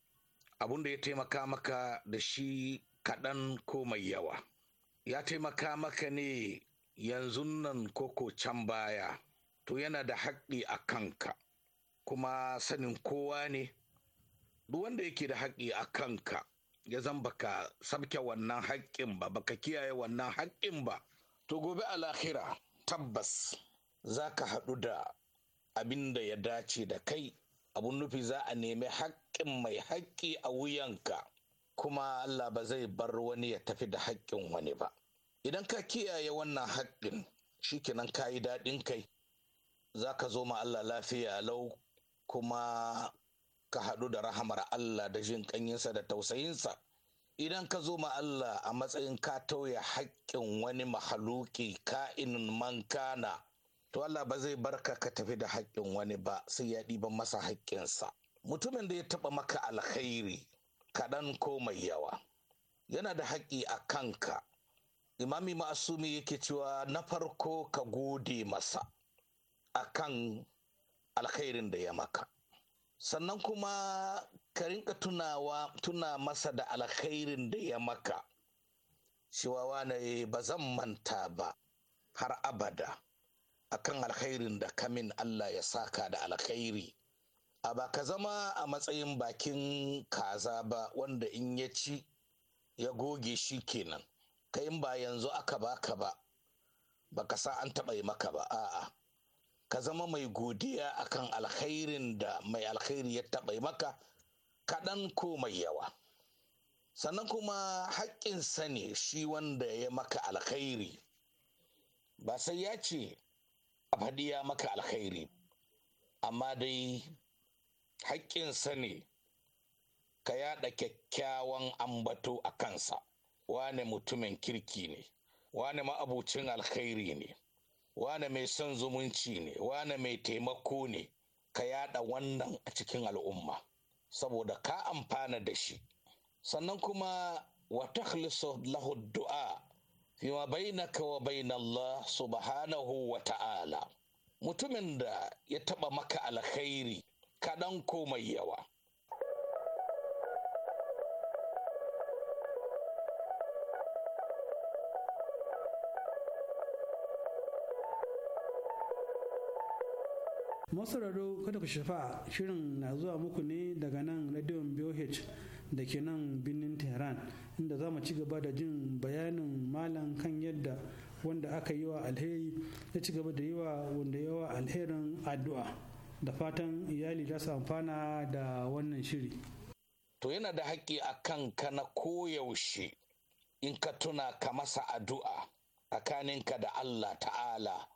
abun ya taimaka maka da shi kaɗan ko mai yawa ya taimaka maka ne yanzu nan ko can baya to yana da haƙƙi a kanka kuma sanin kowa ne duk wanda yake da haƙƙi a kanka ya zan baka sabke wannan haƙƙin ba baka kiyaye wannan haƙƙin ba to gobe a lahira tabbas za ka haɗu da abinda ya dace da kai abun nufi za a nemi haƙƙin mai haƙƙi a wuyanka kuma Allah ba zai bar wani ya tafi da haƙƙin wani ba idan ka kiyaye wannan haƙƙin shikenan ka yi daɗin kai za ka zo ma Allah lafiya lau kuma ka haɗu da rahamar Allah da jin ƙanyinsa da tausayinsa idan ka zo ma Allah a matsayin ka tauye haƙƙin wani mahaluki ka'inin man kana to Allah ba zai barka ka tafi da haƙƙin wani ba sai ya ɗiba masa haƙƙinsa mutumin da ya taɓa maka alkhairi kaɗan ko mai yawa yana da haƙƙi a kanka imami ma'asumi yake cewa na farko ka gode masa a kan alkhairin da ya maka sannan kuma ka rinka tuna masa da alkhairin da ya maka Shiwawa ne eh, ba zan manta ba har abada akan alkhairin da kamin Allah ya saka da alkhairi a ba ka zama a matsayin bakin kaza ba wanda in ya ci ya goge shi kenan kai in ba yanzu aka baka ba baka sa an taɓa yi maka ba a'a ka zama mai godiya akan alkhairin da mai alkhairi ya taɓa maka kaɗan ko mai yawa sannan kuma haƙƙinsa ne shi wanda ya maka alkhairi ba sai ya ce a faɗi ya maka alkhairi amma dai sa ne ka yaɗa kyakkyawan ambato a kansa wane mutumin kirki ne wane ma'abucin alkhairi ne wane mai son zumunci ne wane mai taimako ne ka yaɗa wannan a cikin al'umma saboda ka amfana da shi sannan kuma wa takhlisu lahu du'a fima bainaka wa bainallah subhanahu wa ta'ala mutumin da ya taɓa maka alkhairi kaɗan ko mai yawa masu kada ku shafa shirin na zuwa muku ne daga nan radio BOH da ke nan birnin tehran inda za mu ci gaba da jin bayanin malam kan yadda wanda aka yi wa alheri ya ci gaba da yi wa wanda ya wa alherin addu'a da fatan iyali za su amfana da wannan shiri to yana da haƙƙi a ka na koyaushe in ka tuna ka masa addu'a tsakaninka da allah ta'ala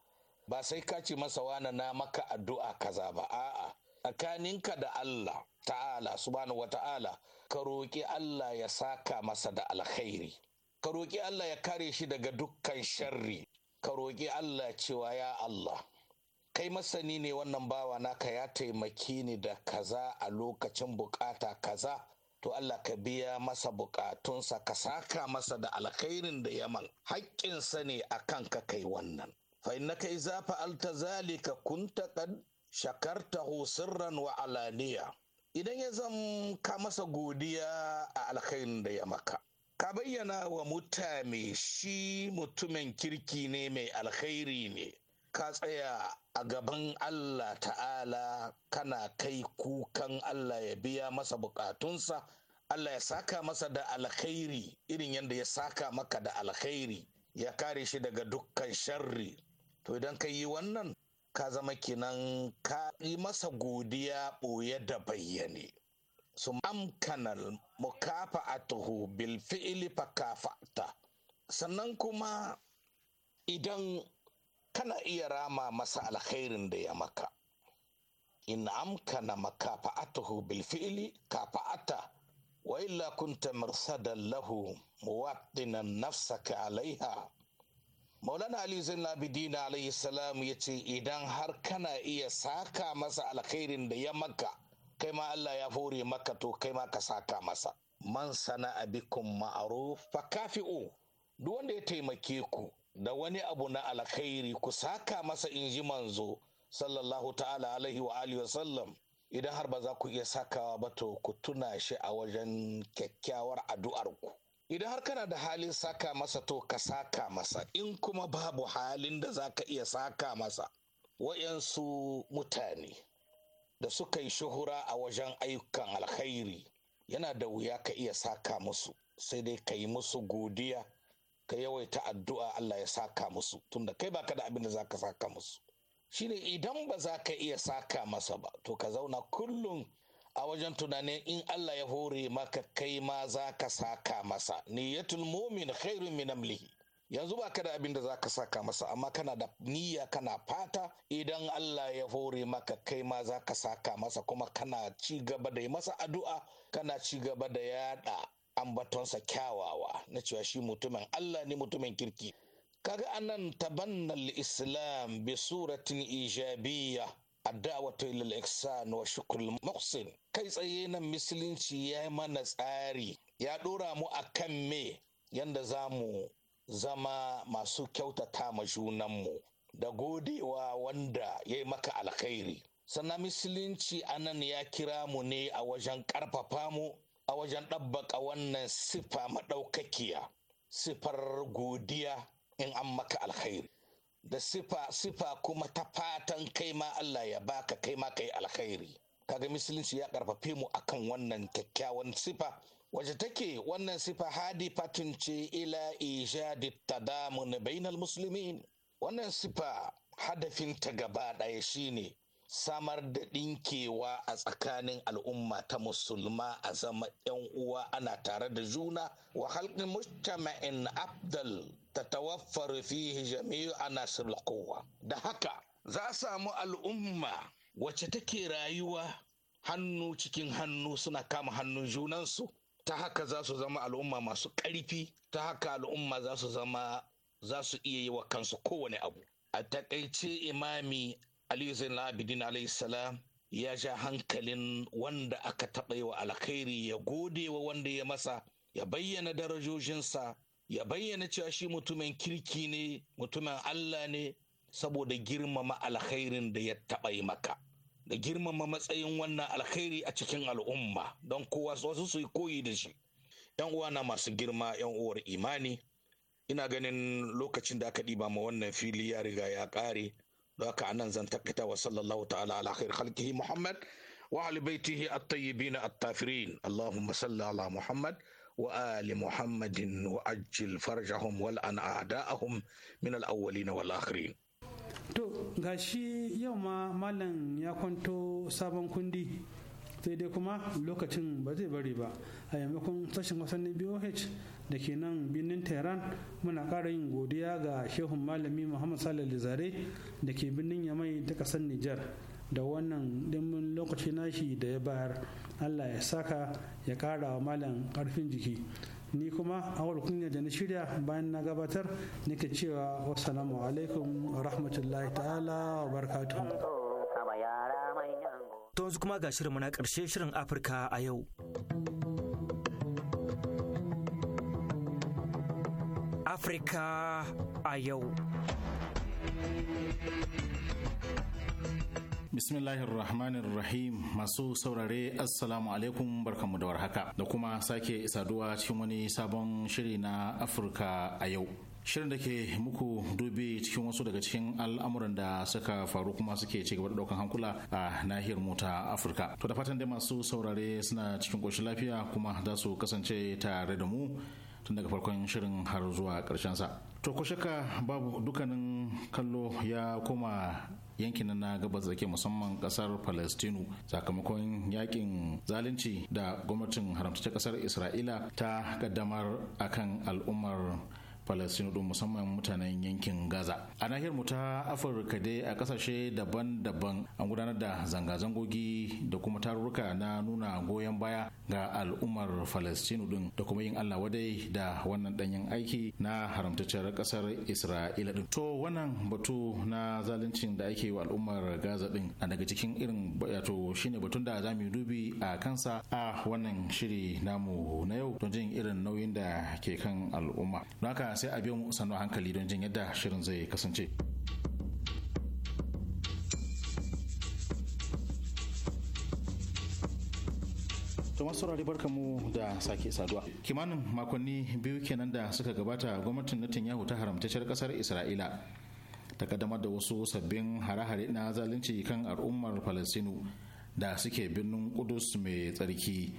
ba sai ka ce masa wana na maka addu'a kaza ba a'a tsakaninka da Allah ta'ala subhanahu wa ta'ala ka roƙi Allah ya saka masa da alkhairi ka roƙi Allah ya kare shi daga dukkan sharri ka roƙi Allah cewa ya Allah kai masani ne wannan bawa naka ya taimaki ni da kaza a lokacin bukata kaza to Allah ka biya masa bukatunsa ka saka masa da alkhairin da yaman haƙƙinsa ne a kanka kai wannan fa innaka iza fa'alta zalika kunta qad shakartahu sirran wa alaniya idan ya zan ka masa godiya a alkhairin da ya maka ka bayyana wa mutane shi mutumin kirki ne mai alkhairi ne ka tsaya a gaban Allah ta'ala kana kai kukan Allah ya biya masa bukatunsa Allah ya saka masa da alkhairi irin yadda ya saka maka da alkhairi ya kare shi daga dukkan sharri to idan ka yi wannan ka zama kinan ka yi masa godiya ɓoye da bayyane su amkanal mukafa a tuhu bilfi'ili fakafata sannan kuma idan kana iya rama masa alkhairin da ya maka in amkana makafa'atuhu bilfi'ili kafa'ata wa illa kunta mursadan lahu muwaddinan nafsaka alaiha maulana ali zainabidin alayhi salam ya ce idan har kana iya saka masa alkhairin da ya maka kai ma allah ya hore maka to kai ma ka saka masa man sana abikun ma'aruf fa kafi'u duk wanda ya taimake ku da wani abu na alkhairi ku saka masa in ji manzo sallallahu ta'ala alaihi wa alihi sallam idan har ba za ku iya sakawa ba to ku tuna shi a wajen kyakkyawar addu'ar ku idan har kana da halin saka masa to ka saka masa in kuma babu halin da za ka iya saka masa wayansu mutane da suka yi shuhura a wajen ayyukan alkhairi yana da wuya ka iya saka musu sai dai ka yi musu godiya ka yawaita addu'a Allah ya saka musu tunda kai baka da abin da za ka saka musu shine idan ba za ka iya saka masa ba to ka zauna kullum a wajen tunanin in Allah ya hore maka kai ma za ka saka masa niyyatul mumin khairun min amlihi yanzu ba ka da abin da za ka saka masa amma kana da niyya kana fata idan Allah ya hore maka kai ma za ka saka masa kuma kana ci gaba da yi masa addu'a kana ci gaba da yada ambatonsa kyawawa na cewa shi mutumin Allah ne mutumin kirki kaga anan tabannal islam bi suratin ijabiyya addawatu ilal ihsan wa shukrul muhsin kai tsaye nan musulunci ya yi mana tsari ya dora mu akan me yadda za mu zama masu kyautata ma junanmu da godewa wanda ya yi maka alkhairi sannan musulunci anan ya kira mu ne a wajen ƙarfafa mu a wajen ɗabbaka wannan sifa maɗaukakiya sifar godiya in an maka alkhairi da sifa sifa kuma ta fatan kai ma Allah ya baka kai ma kai alkhairi kaga musulunci ya karfafe mu akan wannan kyakkyawan sifa Waje take wannan sifa hadi fatin ce ila ijadi tadamun bainal muslimin wannan sifa hadafin ta gaba ɗaya shine samar da ɗinkewa a tsakanin al'umma ta musulma a zama 'yan uwa ana tare da juna wa halqin mujtama'in afdal tatawaffaru fihi jami'u anasir kowa da haka za samu al'umma wacce take rayuwa hannu cikin hannu suna kama hannun junansu ta haka za su zama al'umma masu ƙarfi ta haka al'umma za su zama za su iya yi wa kansu kowane abu a takaice imami aliyu salam ya sha hankalin wanda aka taɓa wa alkhairi ya gode wa wanda ya masa ya bayyana darajojinsa ya bayyana cewa shi mutumin kirki ne mutumin Allah ne saboda girmama alkhairin da ya taɓa yi maka da girmama matsayin wannan alkhairi a cikin al'umma don kowa wasu su yi koyi da shi yan uwa na masu girma yan uwar imani ina ganin lokacin da aka ɗiba ma wannan fili ya riga ya ƙare don haka anan zan takaita wa sallallahu ta'ala ala khair khalqihi muhammad wa ali baitihi at-tayyibin at-tafirin allahumma salli ala muhammad وآل محمد وأجل فرجهم والأن أعداءهم من الأولين والآخرين To shi yau ma malam ya kwanto sabon kundi sai dai kuma lokacin ba zai bari ba a yammakon sashen wasannin boh da ke nan birnin tehran muna ƙara yin godiya ga shehun malami muhammad salih zare da ke birnin yamai ta ƙasar nijar da wannan dimbin lokaci nashi da ya bayar allah ya saka ya kara wa malam karfin jiki ni kuma awal kunya da na shirya bayan na gabatar nake cewa wasalamu alaikum rahmatullahi ta'ala wa barakatuhu to kuma ga shirin na karshe shirin afirka a yau afirka a yau bismillahir rahmanir rahim masu saurare assalamu alaikum barkamu da warhaka da kuma sake saduwa cikin wani sabon shiri na afirka a yau shirin da ke muku dubi cikin wasu daga cikin al'amuran da suka faru kuma suke ci gaba da daukan hankula a nahiyar mu afirka to da fatan dai masu saurare suna cikin koshin lafiya kuma za su kasance tare da mu tun daga farkon shirin har zuwa karshen sa to ko shaka babu dukkanin kallo ya koma yankin na gabas da ke musamman kasar palestinu sakamakon yakin zalunci da gwamnatin haramtaccen kasar isra'ila ta kaddamar akan al'ummar palestino musamman mutanen yankin gaza a nahiyar mu ta afirka dai a ƙasashe daban-daban an gudanar da zanga-zangogi da kuma tarurruka na nuna goyon baya ga al'ummar palestino din da kuma yin allah wadai da wannan ɗanyen aiki na haramtacciyar kasar isra'ila din to wannan batu na zaluncin da ake wa al'ummar gaza ɗin, a daga cikin irin to shine batun da za mu dubi a kansa a wannan shiri namu na yau don jin irin nauyin da ke kan al'umma don haka sai a biyo mu sannu hankali don jin yadda shirin zai kasance. saurari barka mu da sake saduwa. Kimanin makonni biyu kenan da suka gabata gwamnatin Netanyahu ta haramtacciyar kasar Isra'ila ta kaddamar da wasu sabbin hare-hare na zalunci kan al'ummar palestinu da suke birnin Kudus mai tsarki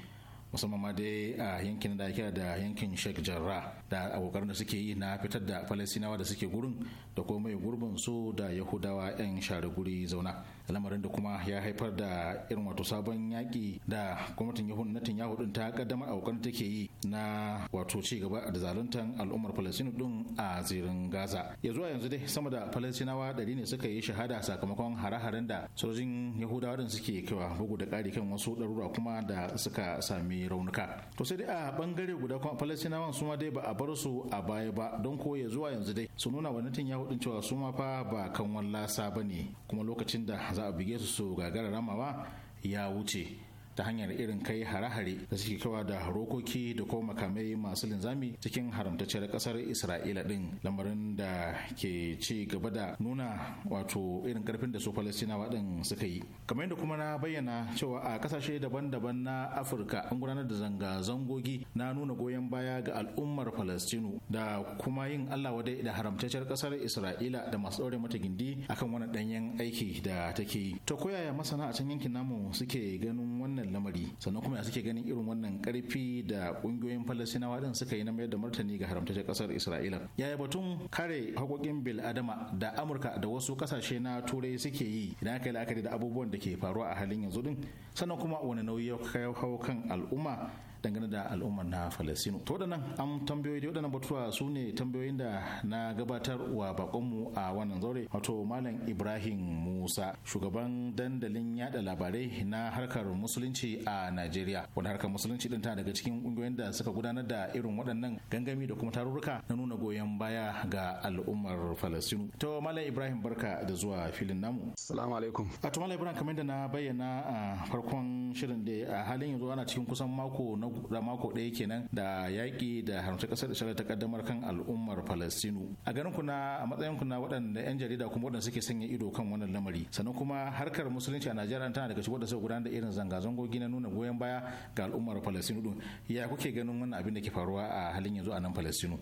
musamman ma dai a yankin da ake da yankin Sheikh Jarrah da abokan da suke yi na fitar da Falasinawa da suke gurin da kuma mai gurbin su da Yahudawa 'yan share guri zauna. lamarin da kuma ya haifar da irin wato sabon yaki da gwamnatin yahun na tinyahu din ta kaddamar a kokarin take yi na wato ci gaba da zaluntan al'ummar palestina ɗin a zirin gaza ya zuwa yanzu dai sama da palestinawa ɗari ne suka yi shahada sakamakon hare-haren da sojin yahudawa din suke kaiwa bugu da ƙari kan wasu ɗarura kuma da suka sami raunuka to sai dai a bangare guda kuma palestinawan su ma dai ba a bar su a baya ba don ko ya zuwa yanzu dai su nuna wa natin yahu ɗin cewa su ma fa ba kan wallasa ba ne kuma lokacin da za a buge su su gagara ramawa ya wuce ta hanyar irin kai hare-hare da suke kawa da rokoki da kuma makamai masu linzami cikin haramtacciyar kasar isra'ila din lamarin da ke ci gaba da nuna wato irin karfin da su falastinawa din suka yi kamar yadda kuma na bayyana cewa a kasashe daban-daban na afirka an gudanar da zanga-zangogi na nuna goyon baya ga al'ummar falastinu da kuma yin allah wadai da haramtacciyar kasar isra'ila da masu ɗaure mata gindi akan wani ɗanyen aiki da take yi ta koyaya masana a can yankin namu suke ganin wannan wannan lamari sannan kuma ya suke ganin irin wannan karfi da kungiyoyin falasinawa din suka yi na mayar da martani ga haramtaccen kasar isra'ila yaya batun kare haƙoƙin bil adama da amurka da wasu kasashe na turai suke yi idan aka yi la'akari da abubuwan da ke faruwa a halin yanzu din sannan kuma wani nauyi ya kawo kan al'umma dangane da al'ummar na Falasino. To da nan an tambayoyi da waɗannan batutuwa su ne tambayoyin da na gabatar wa bakonmu a wannan zaure wato Malam Ibrahim Musa shugaban dandalin yada labarai na harkar musulunci a Najeriya wanda harkar musulunci din ta daga cikin kungiyoyin da suka gudanar da irin waɗannan gangami da kuma tarurruka na nuna goyon baya ga al'ummar Falasino. To Malam Ibrahim barka da zuwa filin namu. Assalamu alaikum. A to Malam Ibrahim kamar da na bayyana a farkon shirin da a halin yanzu ana cikin kusan mako na da mako ɗaya kenan da yaƙi da haramta ƙasar Isra'ila ta kaddamar kan al'ummar Falastinu. A garin ku na a matsayin ku na waɗanda 'yan jarida kuma waɗanda suke sanya ido kan wannan lamari. Sannan kuma harkar musulunci a Najeriya tana daga cikin waɗanda suka gudanar da irin zanga zango na nuna goyon baya ga al'ummar Falastinu din. Ya kuke ganin wannan abin da ke faruwa a halin yanzu a nan Falastinu?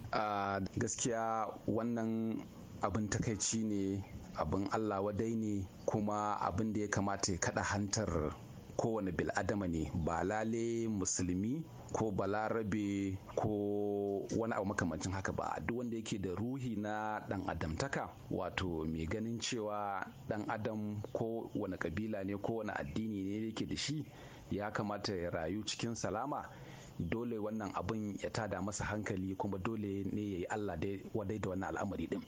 gaskiya wannan abin takaici ne abin Allah wadai ne kuma abin da ya kamata ya kada hantar kowane bil'adama ne ba lale musulmi ko balarabe ko wani abu makamancin haka ba duk wanda yake da ruhi na dan adamtaka wato mai ganin cewa dan adam ko wani kabila ne ko wani addini ne yake da shi ya kamata ya rayu cikin salama dole wannan abun ya tada masa hankali kuma dole ne ya yi Allah dai wadai da wannan al'amari din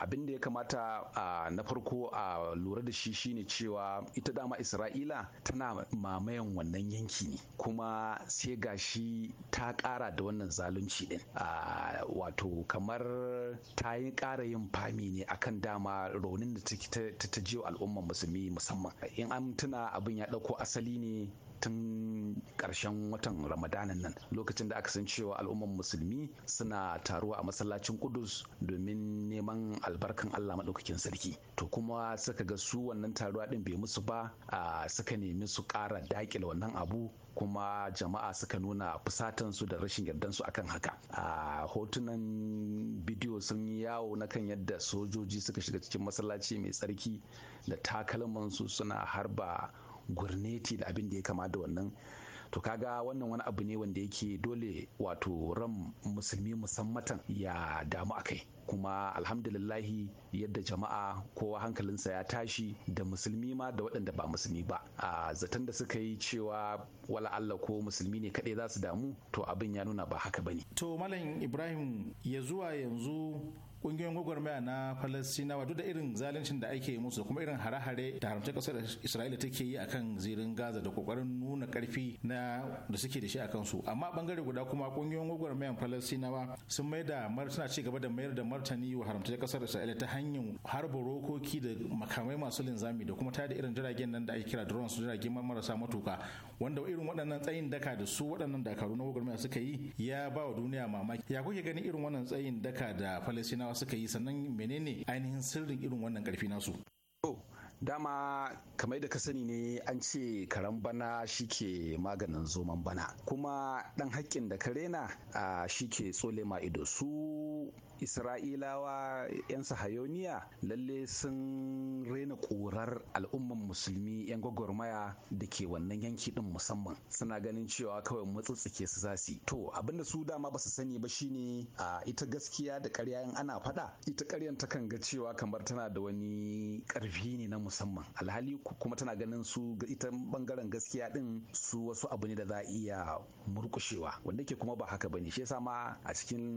abin da ya kamata na farko a lura da shi shine cewa ita dama Isra'ila tana mamayan wannan yanki ne kuma sai gashi ta kara da wannan zalunci din wato kamar ta yi kara yin fami ne akan dama raunin da ta ta al'ummar musulmi musamman in an tuna abin ya dauko asali ne tun ƙarshen watan ramadanan nan lokacin da aka san cewa al'umman musulmi suna taruwa a masallacin kudus domin neman albarkan allah maɗaukakin sarki to kuma suka ga su wannan taruwa ɗin bai musu ba a suka nemi su ƙara daƙile wannan abu kuma jama'a suka nuna su da rashin yardan su akan haka a hotunan bidiyo sun yi yawo na kan yadda sojoji suka shiga cikin masallaci mai tsarki da takalmansu suna harba gurneti da abin da ya kama da wannan to kaga wannan wani abu ne wanda yake dole wato ran musulmi musammatan ya damu akai kuma alhamdulillahi yadda jama'a kowa hankalinsa ya tashi da musulmi ma da waɗanda ba musulmi ba a zaton da suka yi cewa wala Allah ko musulmi ne kaɗai za su damu to abin ya nuna ba haka bane to malam ibrahim ya zuwa yanzu kungiyoyin gwagwarmaya na Falasinawa duk da irin zaluncin da ake musu da kuma irin hare-hare da haramta kasar isra'ila take yi akan zirin gaza da kokarin nuna karfi na da suke da shi a kansu amma bangare guda kuma kungiyoyin gwagwarmayan Falasinawa sun mai da suna ci gaba da mayar da martani wa haramta kasar isra'ila ta hanyar harba rokoki da makamai masu linzami da kuma tada irin jiragen nan da ake kira drones jiragen marasa matuka wanda irin waɗannan tsayin daka da su waɗannan dakaru na gwagwarmaya suka yi ya ba wa duniya mamaki ya kuke ganin irin wannan tsayin daka da falasinawa suka yi sannan menene ainihin sirrin irin wannan karfi nasu dama kamar da ka sani ne an ce karen bana shike maganin zoman bana kuma dan hakkin da ka rena a shike tsole ma ido su isra'ilawa 'yan sahayoniya lalle sun rena korar al'umman musulmi 'yan gwagwarmaya da ke wannan yanki din musamman suna ganin cewa kawai matsatsike su zasi to abinda su dama ba su sani ba shine a ita gaskiya da karya in ana faɗa ita karyan kan ga cewa kamar tana da wani ƙarfi ne na musamman alhali kuma tana ganin su ita bangaren gaskiya din su wasu abu ne da za a iya murkushewa wanda ke kuma ba haka bane shi yasa ma a cikin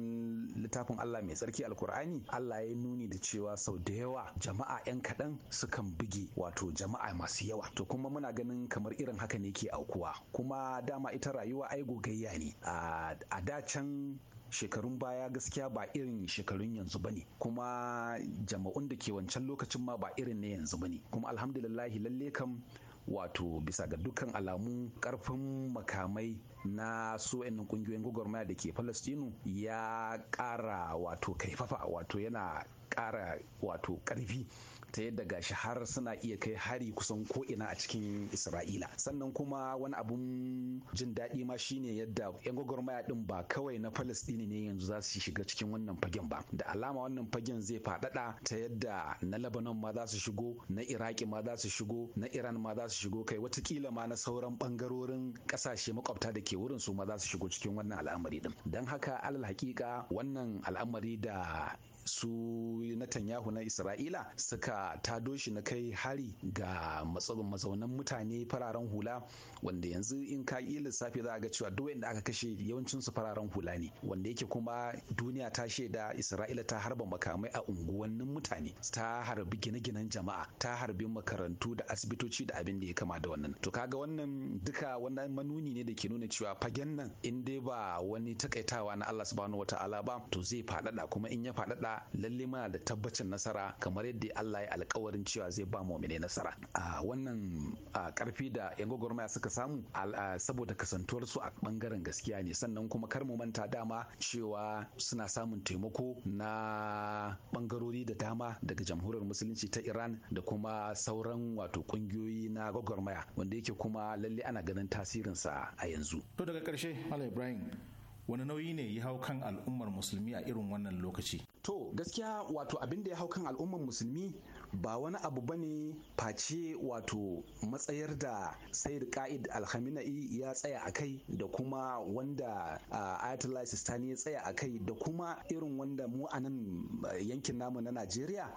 littafin Allah mai mai tsarki alkur'ani Allah ya nuni da cewa sau da yawa jama'a 'yan kaɗan sukan buge wato jama'a masu yawa to kuma muna ganin kamar irin haka ne ke aukuwa kuma dama ita rayuwa ai gogayya ne a da can shekarun baya gaskiya ba irin shekarun yanzu bane kuma jama'un da ke wancan lokacin ma ba irin na yanzu bane kuma alhamdulillahi lalle kam wato bisa ga dukkan alamu karfin makamai na su ƙungiyoyin gwagwarmaya da ke falastinu ya ƙara wato kaifafa wato yana ƙara wato ƙarfi ta yadda gashi har suna iya kai hari kusan ko'ina a cikin isra'ila sannan kuma wani abun jin daɗi ma shine yadda yan gwagwarmaya din ba kawai na falastini ne yanzu za su shiga cikin wannan fagen ba da alama wannan fagen zai faɗaɗa ta yadda na labanon ma za su shigo na iraki ma za su shigo na iran ma za su shigo kai watakila ma na sauran ɓangarorin ƙasashe makwabta da ke wurin su ma za su shigo cikin wannan al'amari ɗin don haka alal hakika wannan al'amari da su Netanyahu na Isra'ila suka tado shi na kai hari ga mazaunan mutane fararen hula wanda yanzu in ka yi lissafi za a ga cewa duk da aka kashe yawancin su fararen hula ne wanda yake kuma duniya ta shaida Isra'ila ta harba makamai a unguwannin mutane ta harbi gine-ginen jama'a ta harbi makarantu da asibitoci da abin da ya kama da wannan to kaga wannan duka wannan manuni ne da ke nuna cewa fagen nan in dai ba wani takaitawa na Allah subhanahu wata'ala ba to zai faɗaɗa kuma in ya faɗaɗa lalle muna da tabbacin nasara kamar yadda Allah ya alkawarin cewa zai ba mu'mine nasara a wannan karfi da yan gwagwarmaya suka samu saboda kasantuwar su a bangaren gaskiya ne sannan kuma kar mu manta dama cewa suna samun taimako na bangarori da dama daga jamhuriyar musulunci ta Iran da kuma sauran wato kungiyoyi na gwagwarmaya wanda yake kuma lalle ana ganin tasirin sa a yanzu to daga karshe Malam Ibrahim wani nauyi ne ya hau kan al'ummar musulmi a irin wannan lokaci to gaskiya wato abin da ya hau kan al'ummar musulmi ba wani abu ba ne face wato matsayar da sayar ka'id alhamina'i ya tsaya a kai da kuma wanda ayatollah sistani ya tsaya a kai da kuma irin wanda mu a nan yankin namu na najeriya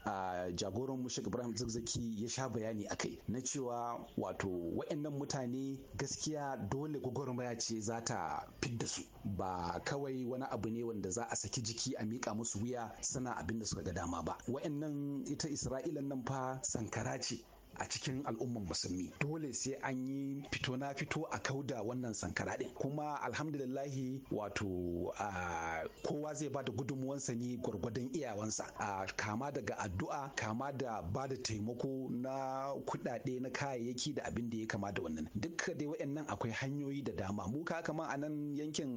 jagoran mushik ibrahim zigzaki ya sha bayani a kai na cewa wato wa'annan mutane gaskiya dole gwagwarmaya ce za ta fidda su ba kawai wani abu ne wanda za a saki jiki a miƙa musu wuya suna abin da suka ga dama ba wa'annan ita isra'ila matsalar nan fa sankara ce a cikin al'umman musulmi dole sai an yi fito na fito a kauda wannan sankara din kuma alhamdulillahi wato kowa zai bada gudunmuwansa ne gwargwadon iyawansa a kama daga addu'a kama da ba da taimako na kuɗaɗe na kayayyaki da abin da ya kama da wannan duk dai wayannan akwai hanyoyi da dama mu ka kama a nan yankin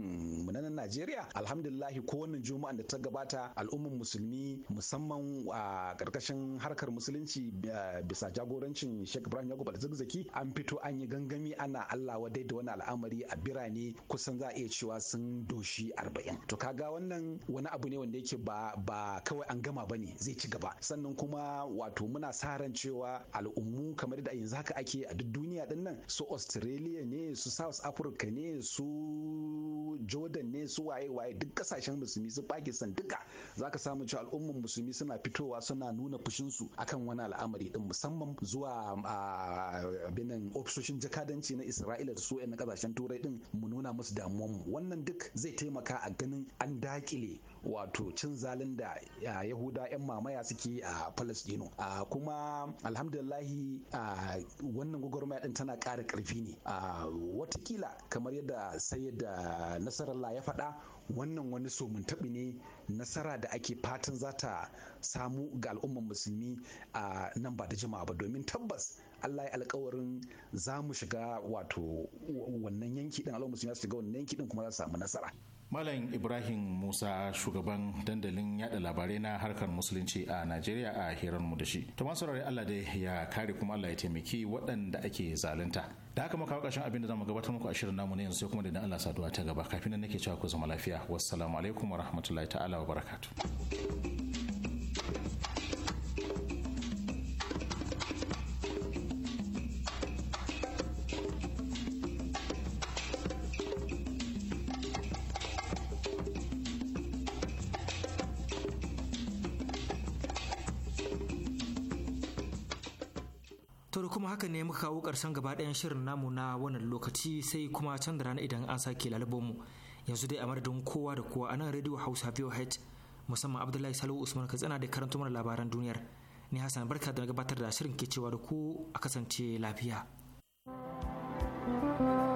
mu na Najeriya alhamdulillahi ko wannan juma'an da ta gabata al'umman musulmi musamman a ƙarƙashin harkar musulunci bisa jagoran shugabancin Sheikh Ibrahim Yakub Alzakzaki an fito an yi gangami ana Allah wadai da wani al'amari a birane kusan za a iya cewa sun doshi arba'in. To kaga wannan wani abu ne wanda yake ba ba kawai an gama bane zai ci gaba. Sannan kuma wato muna sa ran cewa al'ummu kamar da yanzu haka ake a duk duniya din nan su Australia ne su South Africa ne su Jordan ne su waye waye duk kasashen musulmi su Pakistan duka zaka samu cewa al'umman musulmi suna fitowa suna nuna fushinsu akan wani al'amari din musamman zo. zuwa binan ofisoshin jakadanci na isra'ila da su na kasashen turai din mu nuna musu mu. wannan duk zai taimaka a ganin an dakile wato cin zalin da yahuda 'yan mamaya suke a palestino kuma alhamdulillahi wannan gwagwarmaya din tana ƙara karfi ne watakila kamar yadda sai da nasarar ya faɗa wannan wani so mun taɓi ne nasara da ake fatan za ta samu ga al'ummar musulmi a nan ba da jima'a ba domin tabbas Allah ya alkawarin za mu shiga wato wannan yanki din al'ummar musulmi za su shiga wannan yanki din kuma za su samu nasara Malam Ibrahim Musa shugaban dandalin yada labarai na harkar musulunci a Najeriya a hirar mu da shi. To masu Allah dai ya kare kuma Allah ya taimaki waɗanda ake zalunta. Da haka muka kawo abin da zamu gabatar muku a shirin namu ne yanzu sai kuma da Allah saduwa ta gaba kafin nan nake cewa ku zama lafiya. Wassalamu alaikum wa ta'ala wa barakatuh. ne muka kawo karshen gaba ɗayan shirin namu na wannan lokaci sai kuma can da rana idan an sake mu yanzu dai a madadin kowa da kowa a nan radio hausa voh musamman abdullahi salihu usman katsina da karanto mana labaran duniyar ni hassan barka da na gabatar da shirin ke cewa da ku a kasance lafiya. thank you